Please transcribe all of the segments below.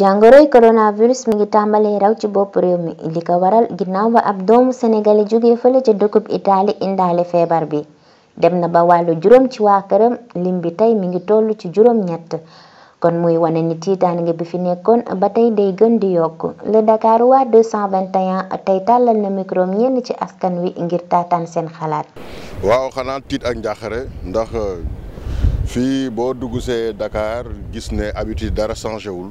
jàngoroy coronavirus mi ngi tàmbalee raw ci bopp réew mi li ko waral ginnaaw ma ab doomu sénégalais jógee fële ca dëkkub itaali indaale feebar bi dem na ba wàllu juróom ci waa këram lim bi tey mi ngi toll ci juróom ñett kon muy wane ni tiitaange bi fi nekkoon ba tey day gën di yokk le Dakar waa 221 tey tàllal na micro ñenn ci askan wi ngir taataan seen xalaat. waaw xanaa tiit ak njaaxare ndax fii boo dugg see Dakar gis ne habitude dara changé wul.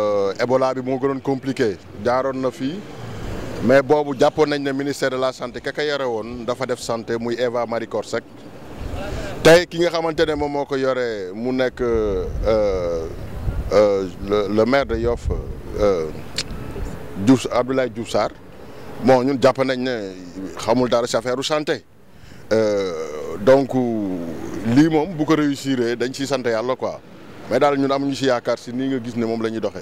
Euh, Ebola bi mo gënon compliqué Daron na fi mais bobu jàppoon nañ ne ministère de la santé kaka ko won dafa def santé muy Eva Marie corsac tay ki nga xamantene mom moko yoré mu nek euh euh le maire de Yoff euh, Diouf Abdoulaye Diouf Sar bon ñun jàpp nañ ne xamul dara ci affaire santé euh, donc li mom bu ko réussiré dañ ci santé yalla quoi mais dal ñun amuñu ci yaakaar ci ni nga gis ne mom lañuy doxé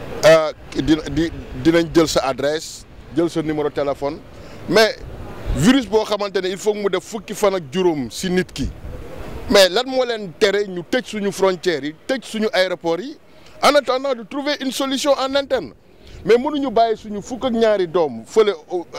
di dinañ jël sa adresse jël sa numéro téléphone mais virus bo xamante il faut mu def fukki fan ak si nit ki mais lan mo leen téré ñu tej suñu frontières yi tej suñu aéroport yi en attendant de trouver une solution en interne mais ñu bàyyi suñu fuk ak ñaari dom feulé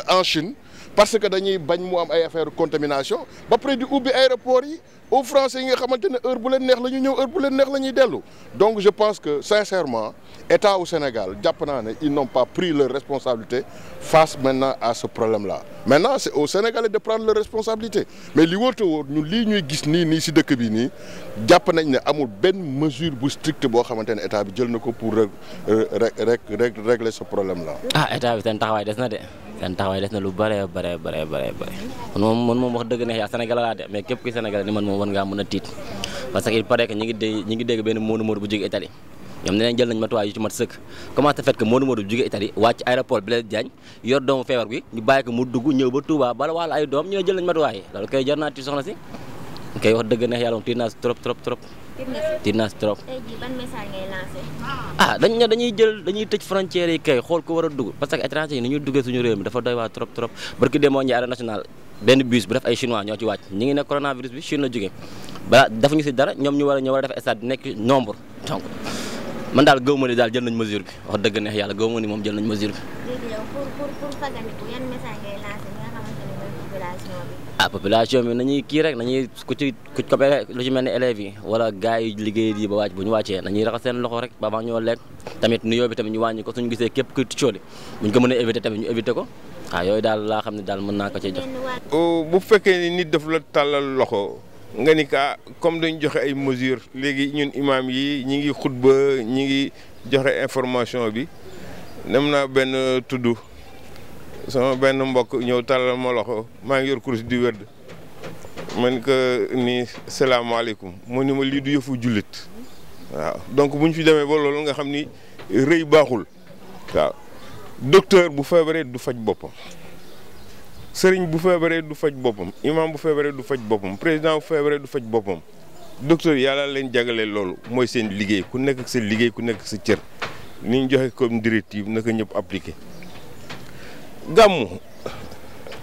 en Chine parce que dañuy bañ mu am ay affaire contamination ba près du ubbi aéroport yi aux français yi nga xamantene heure bu len neex lañu ñu heure bu len neex lañuy delu donc je pense que sincèrement état au Sénégal japp naa né ils n'ont pas pris leur responsabilité face maintenant à ce problème là maintenant c'est au Sénégal de prendre leur responsabilité mais li wóor te wóor ñuy gis ni ni si dëkk bi ni japp nañ né amul ben mesure bu strict bo xamantene état bi jël nako pour régler ce problème là ah état bi tan taxaway des na dé seen taxawaay def na lu bare bare bare bare bare man moom man moom wax dëgg neex yaa Sénégal laa de mais képp ki Sénégal ni man moom war ngaa mën a tiit parce que il paraît que ñi ngi dégg ngi dégg benn Modou Modou bu jóge Italie ñoom nee nañ jël nañ matuwaay yu ci mat sëkk comment ça fait que Modou Modou bu jóge Italie wàcc aéroport Blaise Diagne yor doomu feebar bi ñu bàyyi ko mu dugg ñëw ba Touba bala wàll ay doom ñu ne jël nañ matuwaay loolu koy jar tiit soxna wax dëgg neex yàlla moom tiit naa trop trop tiit naa trop. tey jii ban message ngay lancé. ah dañ ne dañuy jël dañuy tëj frontières yi kay xool ko war a dugg parce que étranger yi ni ñuy duggee suñu réew mi dafa doy waa trop trop barki demoo Ndiaye national benn bus bu def ay chinois ñoo ci wàcc ñi ngi ne coronavirus bi Chine la jógee balaa defuñu si dara ñoom ñu war a ñu war a def stade nekk nombre donc man daal gëw ma ni daal jël nañ mesure bi wax dëgg neex yàlla gëw ma ni moom jël nañ mesure bi. ah population bi nañuy kii rek nañuy ku ci lu ci mel ni élèves yi wala gars yi liggéey yi ba wàcc bu ñu wàccee nañuy raxas seen loxo rek ba avant ñoo lekk tamit nuyoo bi tamit ñu wàññi ko suñu gisee képp kuy tuccooli buñ ko mën a éviter tamit ñu éviter ko ah yooyu daal laa xam ne daal mën naa ko ci jox. Oh, bu fekkee ni nit daf la tàllal loxo nga ni ka comme dañ joxe ay mesures léegi ñun imaam yi ñi ngi xutba ñi ngi joxe information bi dem naa benn tudd. sama benn mbokk ñëw talal ma loxo maa ngi yor kurus di wërd man que ni salaamaaleykum moo ni ma lii du yëfu jullit waaw donc bu ñu fi demee ba loolu nga xam ni rëy baaxul waaw docteur bu feebaree du faj boppam sëriñ bu feebaree du faj boppam imam bu feebaree du faj boppam président bu feebaree du faj boppam docteur yàlla leen jagalee loolu mooy seen liggéey ku nekk seen liggéey ku nekk ak sa ni ñu joxe comme directive naka ñëpp appliqué. gàmmu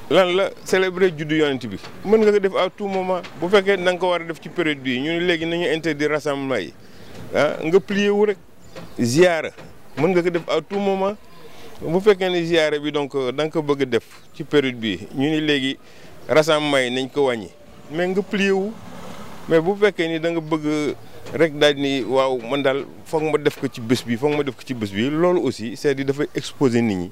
lan la célébrer juddu yonent bi mën nga ko def à tout moment bu fekkee na nga ko war a def ci période bii ñu ne léegi nañu interdire rassemblement yi ah nga plier wu rek ziyaara mën nga ko def à tout moment bu fekkee ne ziyaara bi donc euh, da nga ko bëgg a def ci période bii ñu ni léegi rassemblement yi nañ ko wàññi mais nga plier wu mais bu fekkee ni da nga bëgg rek daal ni waaw man daal foog ma def ko ci bés bi foog ma def ko ci bés bi loolu aussi c'est-à-dire dafay exposer nit ñi.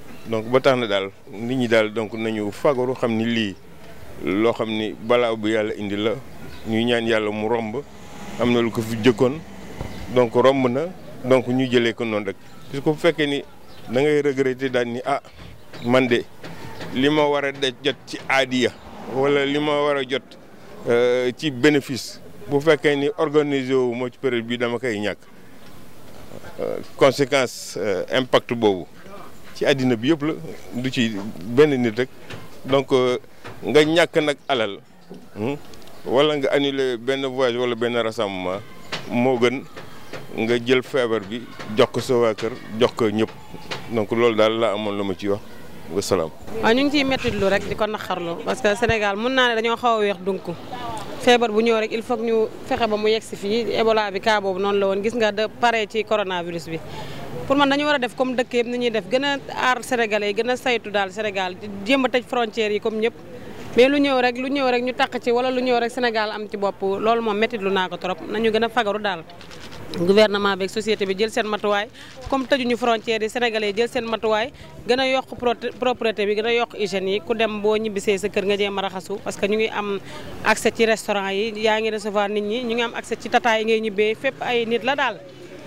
donc ba tax na daal nit ñi daal donc nañu fagaru xam ni lii loo xam ni balaa bu yàlla indi la ñuy ñaan yàlla mu romb am na lu ko fi jëkkoon donc romb na donc ñu jëlee ko noonu rek parce que bu fekkee ni da ngay regretter daal ni ah man de li ma war a jot ci aadiya wala li ma war a jot euh, ci bénéfice bu fekkee ni organisé wu moo ci période bi dama koy ñàkk euh, conséquence euh, impact boobu ci àddina bi yëpp la du ci benn nit rek donc euh, nga ñàkk nag alal hmm? wala nga annuler benn voyage wala benn rassemblement moo gën nga jël feebar bi jox ko sa waa kër jox ko ñëpp donc loolu daal la amoon la ma ci wax wa salaam. waaw ñu ngi ciy méttitlu rek di ko naqarlu parce que Sénégal mun naa ne dañoo xaw a weex dunk feebar bu ñëw rek il faut ñu fexe ba mu yegg si fii Ebola bi cas boobu noonu la woon gis nga de pare ci coronavirus bi. pour man dañu war a def comme dëkk yëpp ni def gën a aar sénégalais yi gën a saytu daal Sénégal jéem a tëj frontières yi comme ñëpp mais lu ñëw rek lu ñëw rek ñu taq ci wala lu ñëw rek Sénégal am ci bopp loolu moom métti naa ko trop nañu gën a fagaru daal guvernement beeg société bi jël seen matuwaay comme tëjuñu frontières yi sénégalais jël matuwaay gën a yokk propreté bi gën a yokk hygiène yi ku dem boo ñibbisee sa kër nga jéem a raxasu parce que ñu ngi am accès ci restaurant yi yaa ngi recevoir nit ñi ñu ngi am accès ci tataay yi ngay ñibbee fépp ay nit la daal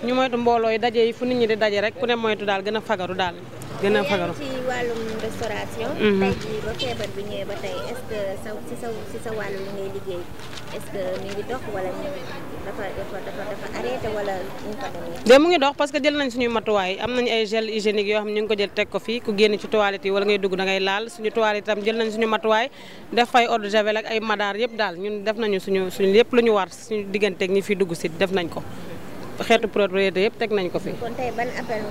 ñu moytu mbooloo yi daje yi fu nit ñi di daje rek ku ne moytu daal gën a fagaru daal gën a fagaru ci wàllum restauration mhm. tey jii ba feebar bi mu ngi dox parce jël nañ suñu matuwaay am nañ ay gel hygiénique yoo xam ñu ngi ko jël teg ko fii ku génn ci toilette yi wala ngay dugg da laal suñu toilette tam jël nañ suñu matuwaay dafay fay javel ak ay madaar yëpp daal ñun def nañu suñu suñu lépp lu ñu war suñu digganteeg ñi fi dugg si def nañ ko xeetu propriété yëpp teg nañ ko fi. kon tey ban appel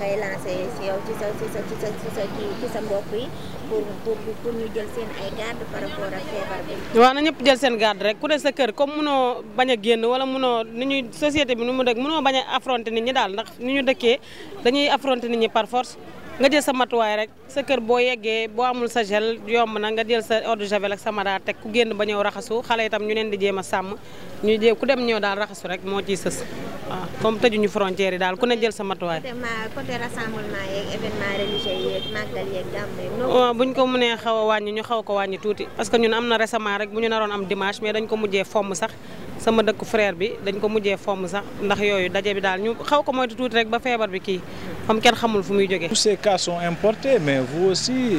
pour ñu jël seen ay garde par rapport ak feebar bi. waaw na ñëpp jël seen garde rek ku ne sa kër comme mënoo bañ a génn wala munoo ni ñuy société bi nu mu dëkk mënoo bañ a affronter nit ñi daal ndax ni ñu dëkkee dañuy affronter nit ñi par force. nga jël sa matuwaay rek sa kër boo yeggee boo amul sa gel yomb na nga jël sa eau de javel ak sa madaar teg ku génn ba ñëw raxasu xale itam ñu leen di jéem a sàmm ñu jéem ku dem ñëw daal raxasu rek moo ciy sës waaw comme tëjuñu frontière yi daal ku ne jël sa matuwaay. Ah, côté bu ñu ko mënee xaw a wàññi ñu xaw ko wàññi tuuti parce que ñun am na récemment rek bu ñu naroon am dimanche mais dañ ko mujjee fomm sax sama frère bi ko fomm sax ndax bi ñu xaw ko rek ba bi xamul tous ces cas sont importés mais vous aussi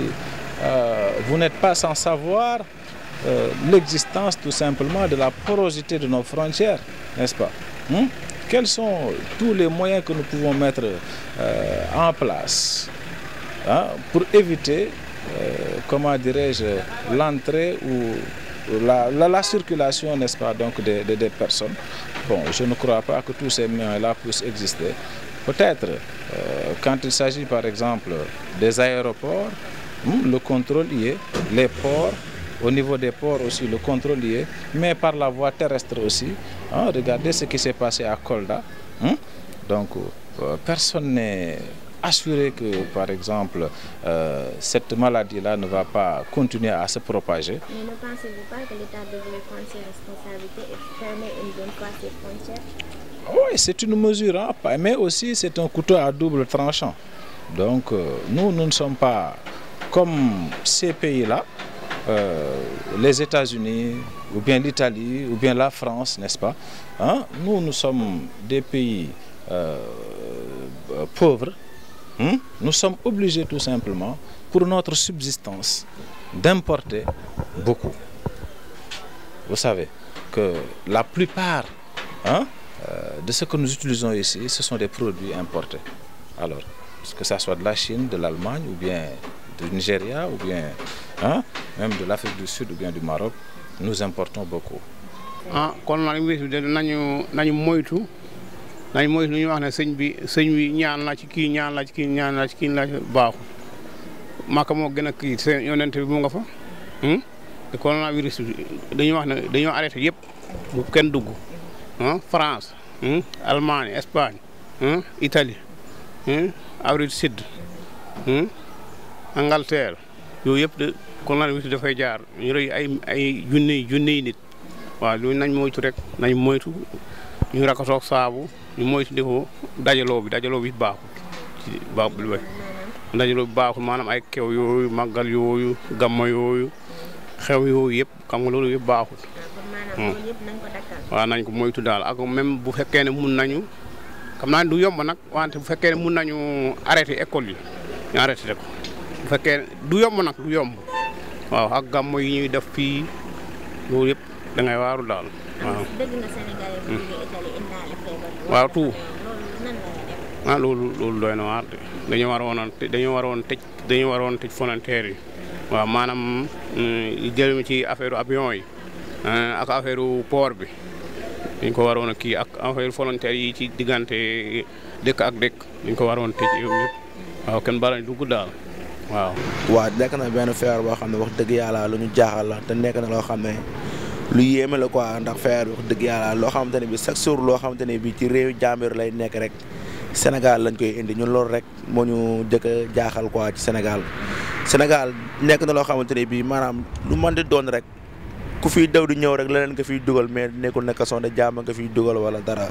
euh, vous n'êtes pas sans savoir euh, l'existence tout simplement de la porosité de nos frontières n'est-ce pas hmm? quels sont tous les moyens que nous pouvons mettre euh, en place hein, pour éviter, comment dirais-je, l'entrée ou la, circulation, n'est-ce pas, donc des, des, personnes. Bon, je ne crois pas que tous ces moyens-là puissent exister. Peut-être, euh, quand il s'agit par exemple des aéroports, hmm, le contrôle y est, les ports, au niveau des ports aussi, le contrôle y est, mais par la voie terrestre aussi. Hein, regardez ce qui s'est passé à Kolda. Hmm. donc, euh, personne n'est assurer que, par exemple, euh, cette maladie-là ne va pas continuer à se propager. Mais ne pensez-vous pas que l'État devrait prendre ses responsabilités et fermer une bonne fois ses frontières Oui, c'est une mesure, hein, mais aussi c'est un couteau à double tranchant. Donc, euh, nous, nous ne sommes pas comme ces pays-là, euh, les États-Unis, ou bien l'Italie, ou bien la France, n'est-ce pas hein? Nous, nous sommes des pays pauvres, Hmm? Nous sommes obligés tout simplement, pour notre subsistance, d'importer beaucoup. Vous savez que la plupart hein, euh, de ce que nous utilisons ici, ce sont des produits importés. Alors, que ce soit de la Chine, de l'Allemagne, ou bien du Nigeria, ou bien hein, même de l'Afrique du Sud, ou bien du Maroc, nous importons beaucoup. Ah, nañ mooy lu ñuy wax ne sëñ bi sëñ bi ñaan na ci kii ñaan na ci kii ñaan na ci kii ñaan moo gën a kii seen yonent bi mu nga fa. Hmm? te coronavirus bi wax ne dañoo arrêté yëpp bu kenn dugg hmm? France hmm? Allemagne Espagne itali Afrique du Sud yooyu yëpp de coronavirus dafay jaar ñu rëy ay ay junniy junniy nit waa loolu nañ moytu rek nañ moytu ñu rakatoog saabu. ñu moytu defoo dajaloo bi dajaloo bi baaxul ci baaxul ba dajaloo baaxul maanaam ay kew yooyu màggal yooyu gamma yooyu xew yooyu yëpp xam nga loolu yëpp baaxul. Hmm. waaw nañ ko moytu daal ako même bu fekkee ne mun nañu xam naa ne du yomb nag wante bu fekkee mun nañu arrêté école yi ñu arrêté ko bu fekkee du yomb nag du yomb waaw ak gammo yu ñuy def fii loolu yëpp. dangay waaru daal waaw. dëgg a Sénégalais bu loolu loolu doy na waar de dañu waroon tëj dañu waroon tëj frontière yi waaw maanaam mm, jëlmi ci affaire avion yi ah, ak affaire port bi dañ ko waroon a kii ak affaire frontière yi ci diggante dëkk ak dëkk dañ ko waroon tëj yow yëpp waaw kenn bala dugg daal waaw. waaw nekk na benn feebar boo xam ne wax dëgg yàlla lu ñu jaaxal la te loo xam lu yéeme la quoi ndax feebar bi wax dëgg yàlla loo xamante ne bi chaque jour loo xamante ne bi ci réew jàmbur lay nekk Sénégal lañ koy indi ñun loolu rek moo ñu jëkk a jaaxal quoi ci Sénégal Sénégal nekk na loo xamante ne bi maanaam lu mën doon rek ku fiy daw di ñëw rek leneen nga fiy dugal mais nekkul ne kaso de jàmm nga fiy dugal wala dara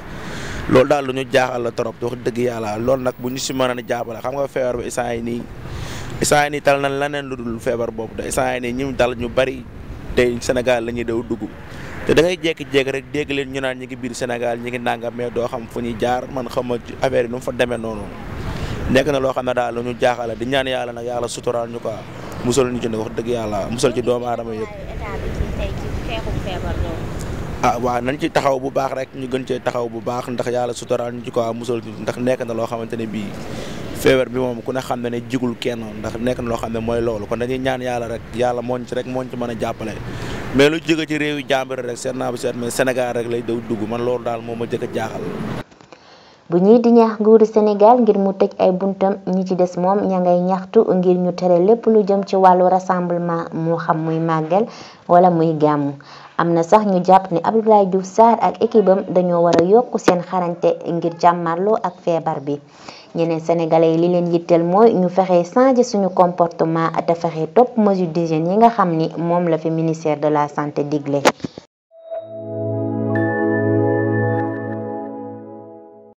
loolu daal lu ñu jaaxal trop wax dëgg yàlla loolu nag bu ñu si mën a jàppale xam nga feebar bi instant yi nii instant yi nii tal na leneen lu dul feebar boobu de instant yi nii ñu dal ñu bari tey Sénégal la ñuy daw dugg te da ngay jékki-jékki rek dégg leen ñu naan ñi ngi biir Sénégal ñi ngi nangam mais doo xam fu ñu jaar man xam ma affaire yi nu fa demee noonu nekk na loo xam ne daal lu ñu jaaxale di ñaan yàlla nag yàlla suturaal ñu quoi musal ñu ci ne wax dëgg yàlla musal ci doomu aadama yëpp. ah waaw nañ ci taxaw bu baax rek ñu gën cee taxaw bu baax ndax yàlla suturaal ñu ci quoi musal ndax nekk na loo xamante ne bii feebar bi moom ku ne xam ne ne jigul kenn ndax nekk na loo xam ne mooy loolu kon dañuy ñaan yàlla rek yàlla mooñ ci rek mooñ ci mën a jàppale mais lu jóge ci réew yi jàmbur rek seet naa bu seet mais Sénégal rek lay daw dugg man loolu daal moo ma jëkk a jaaxal bu ñuy di ñaax nguuru Sénégal ngir mu tëj ay buntam ñi ci des moom ña ngay ñaxtu ngir ñu tere lépp lu jëm ci wàllu am na sax ñu jàpp ni Abdoulaye Diouf Sarr ak équipe dañoo war a yokk seen xarañte ngir jàmmarloo ak feebar bi ñeneen sénégalais yi li leen yitteel mooy ñu fexe changer suñu comportement a fexe topp mesure d'hygiène yi nga xam ni moom la fi ministère de la santé digle.